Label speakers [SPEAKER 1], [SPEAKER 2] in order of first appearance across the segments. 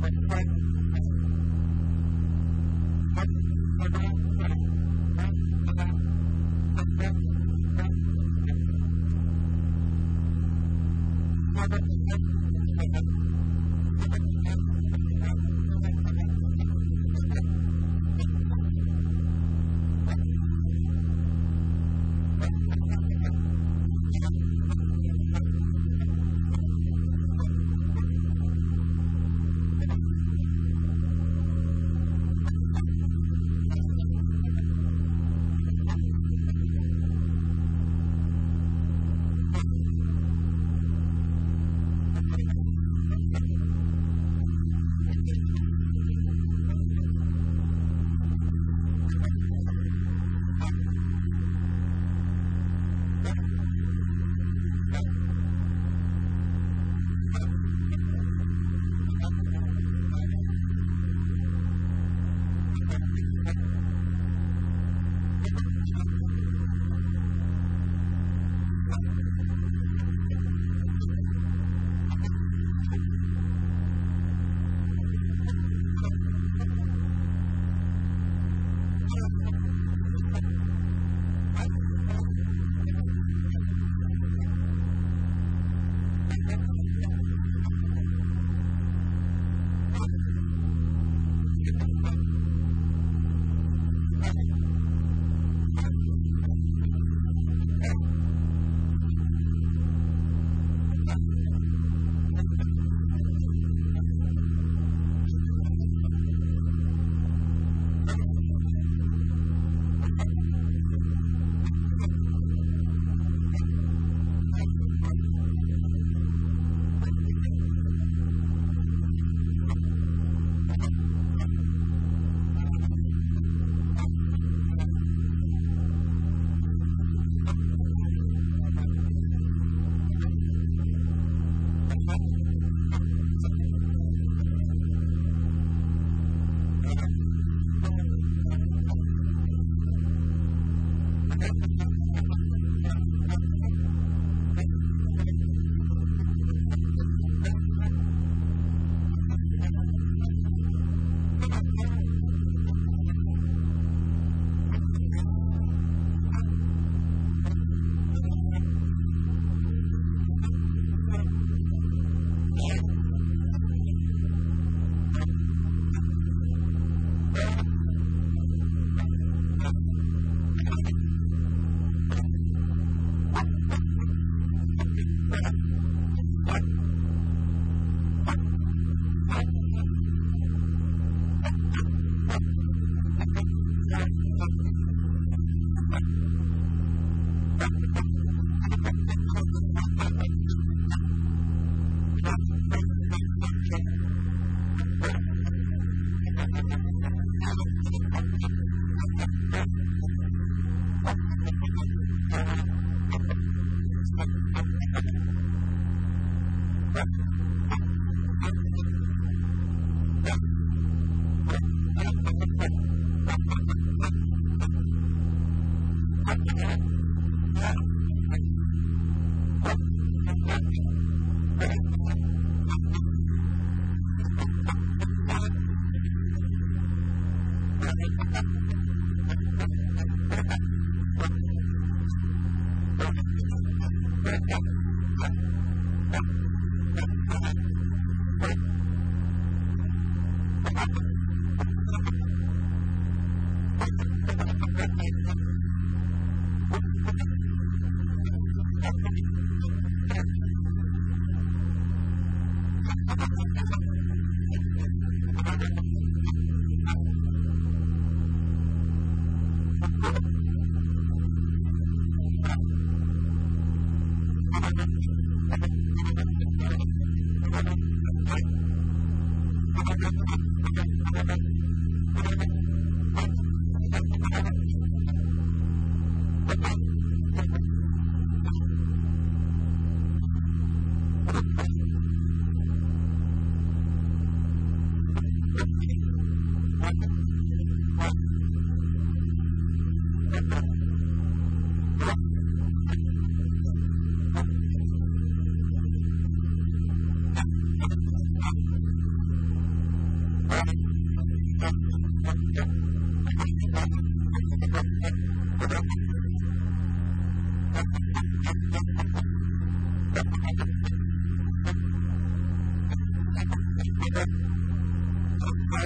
[SPEAKER 1] That's right.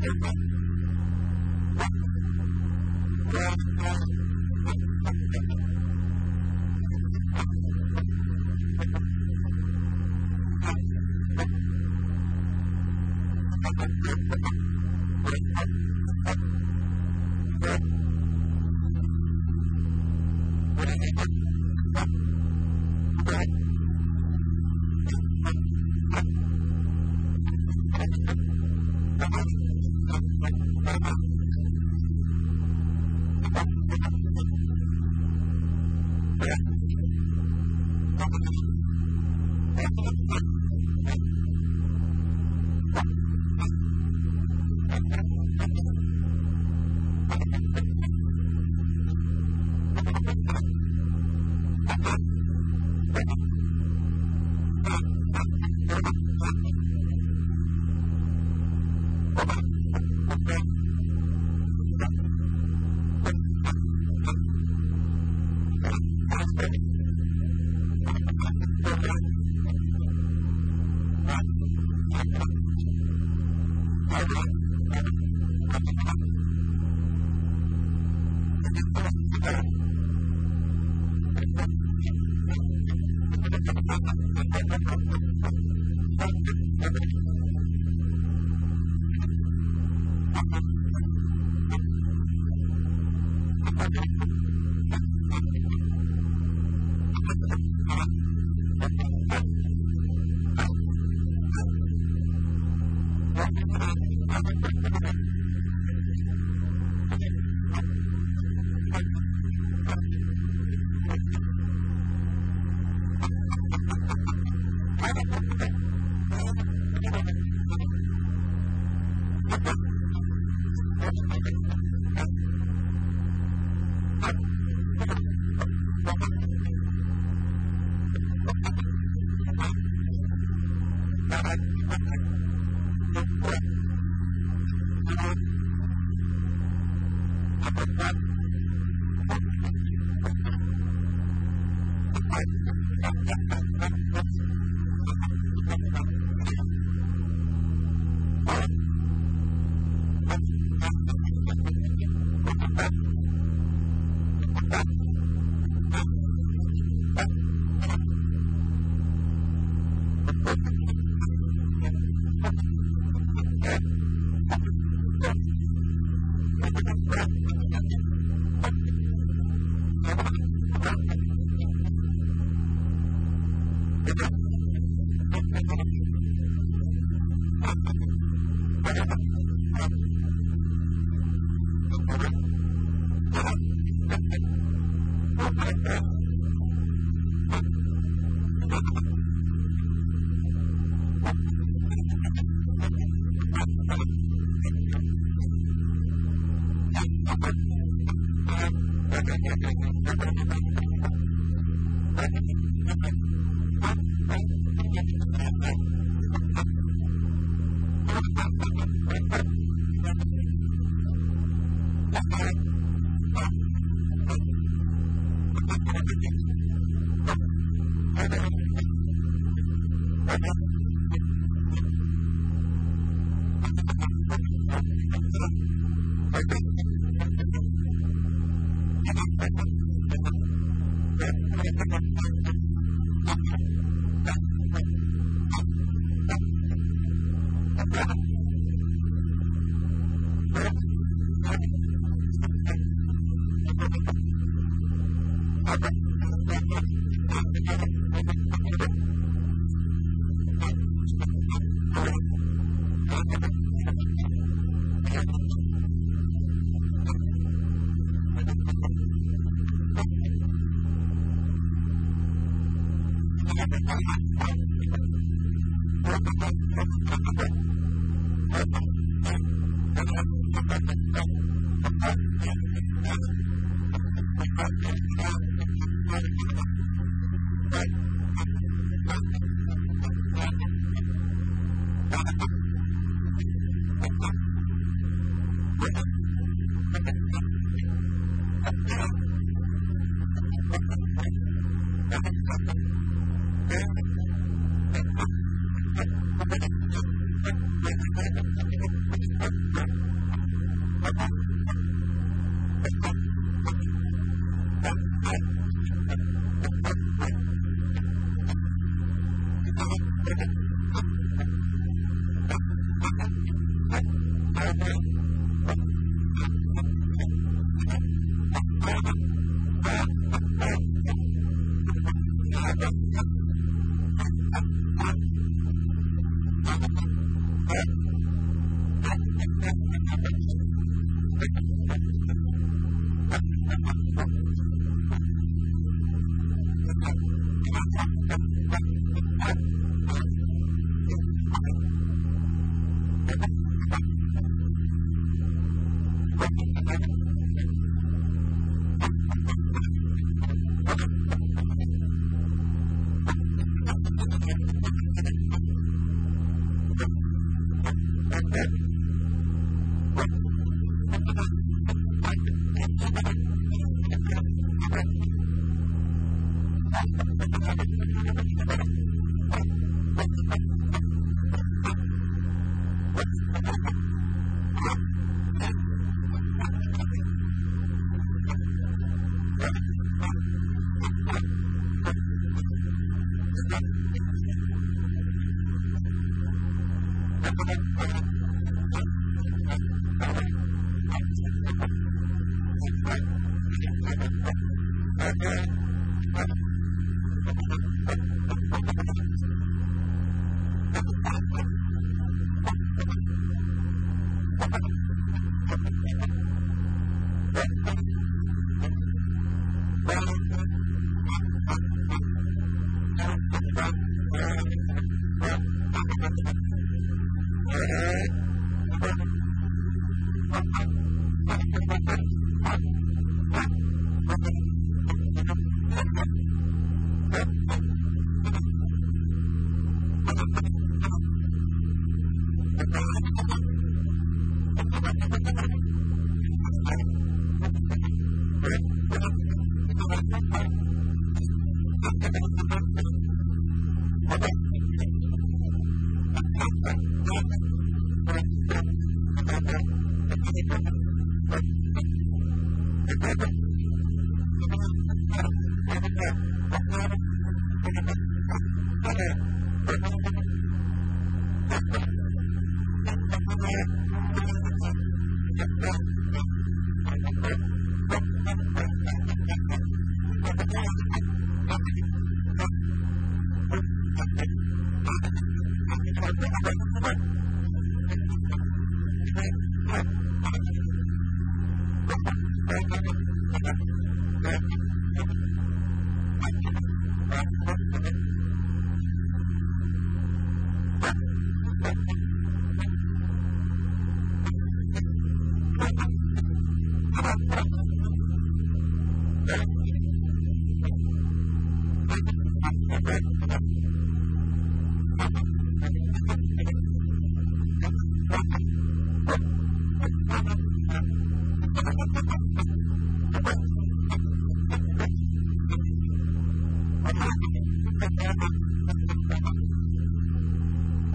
[SPEAKER 1] Spider-Man I'm going to go to the next one. Thank you.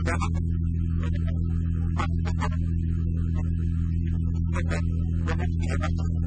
[SPEAKER 1] Thank you.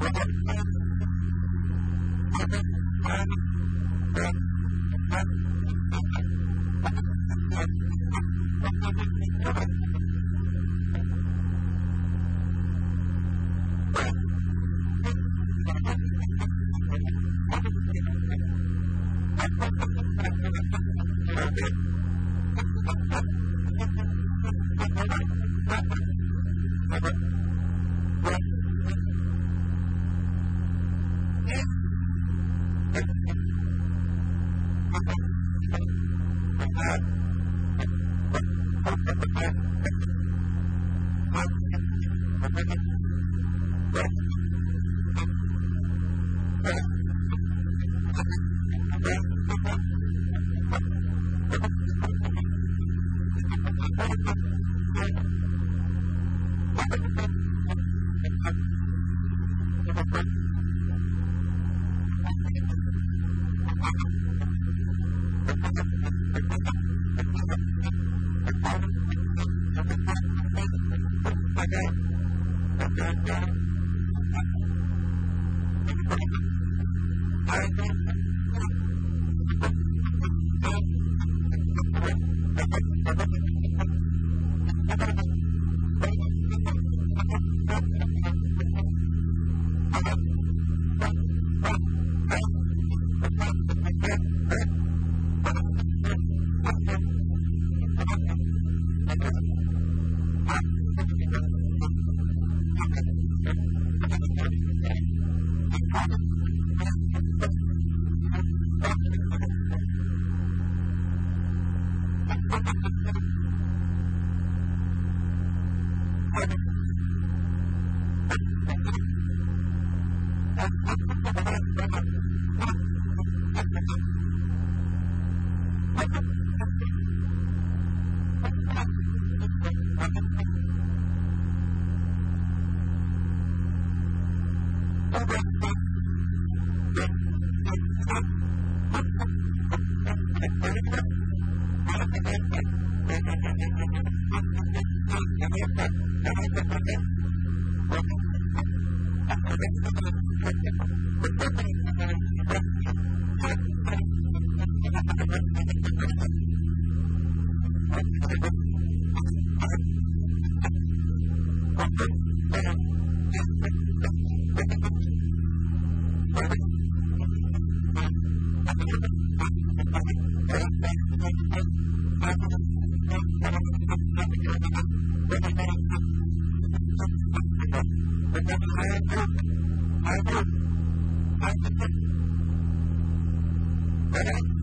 [SPEAKER 1] Thank you. Dynamite. Thank you. Thank you.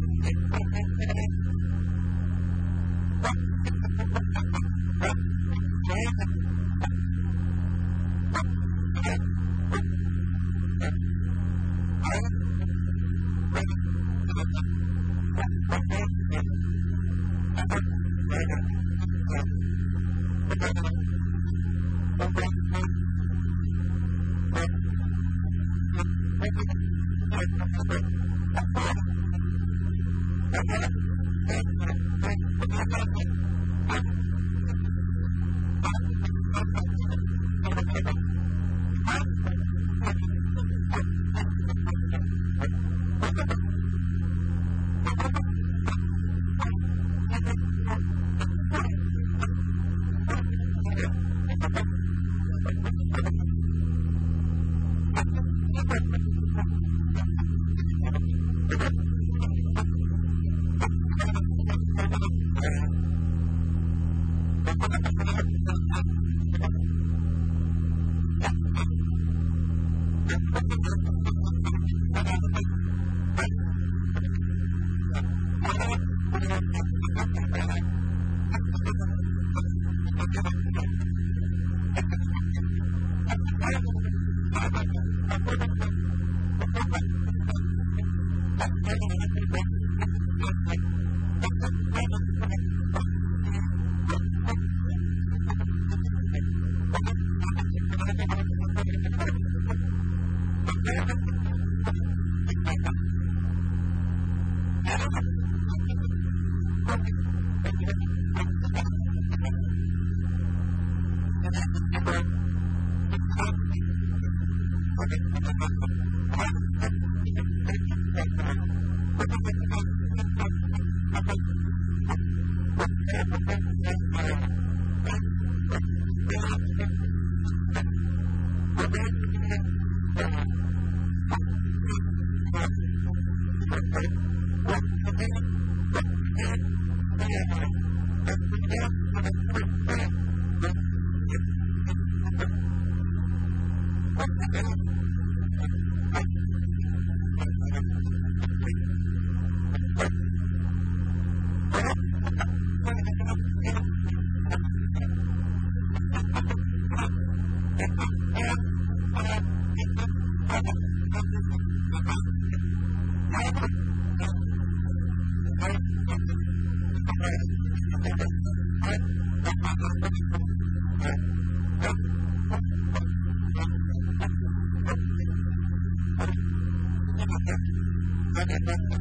[SPEAKER 1] for the Thank you.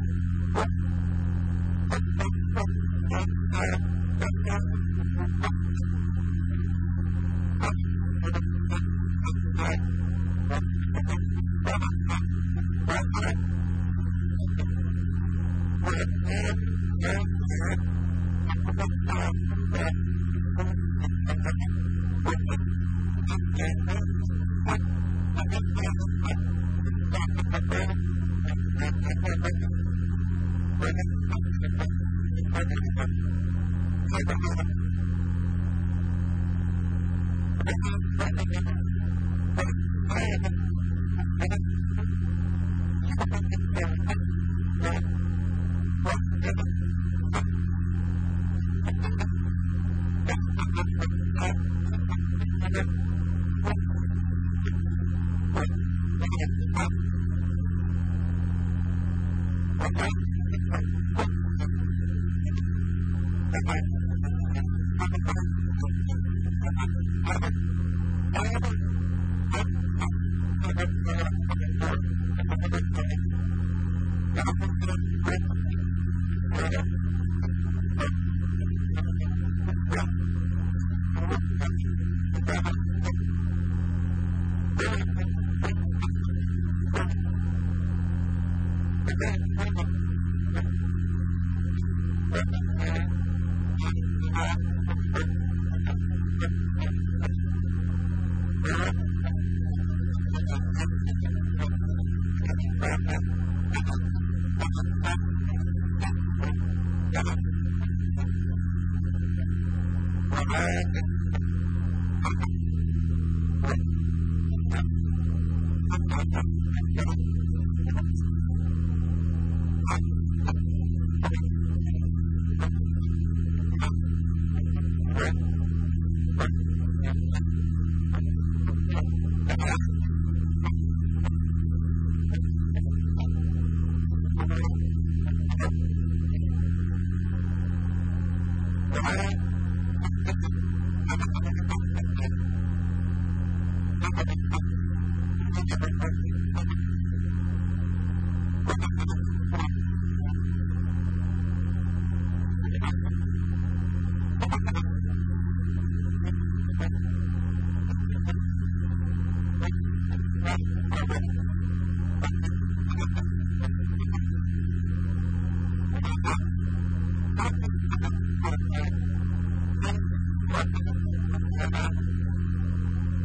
[SPEAKER 1] Thank you.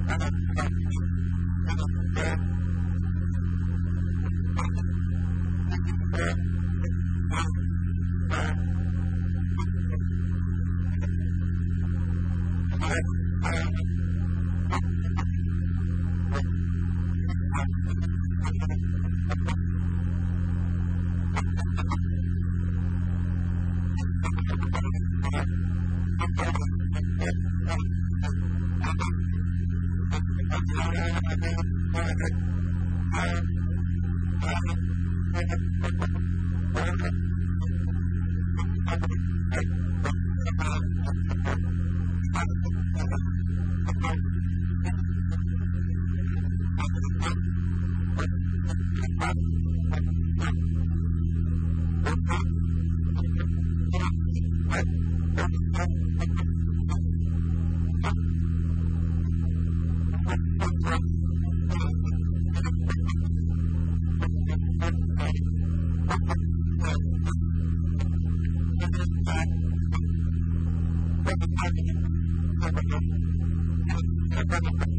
[SPEAKER 1] Thank you. Thank you.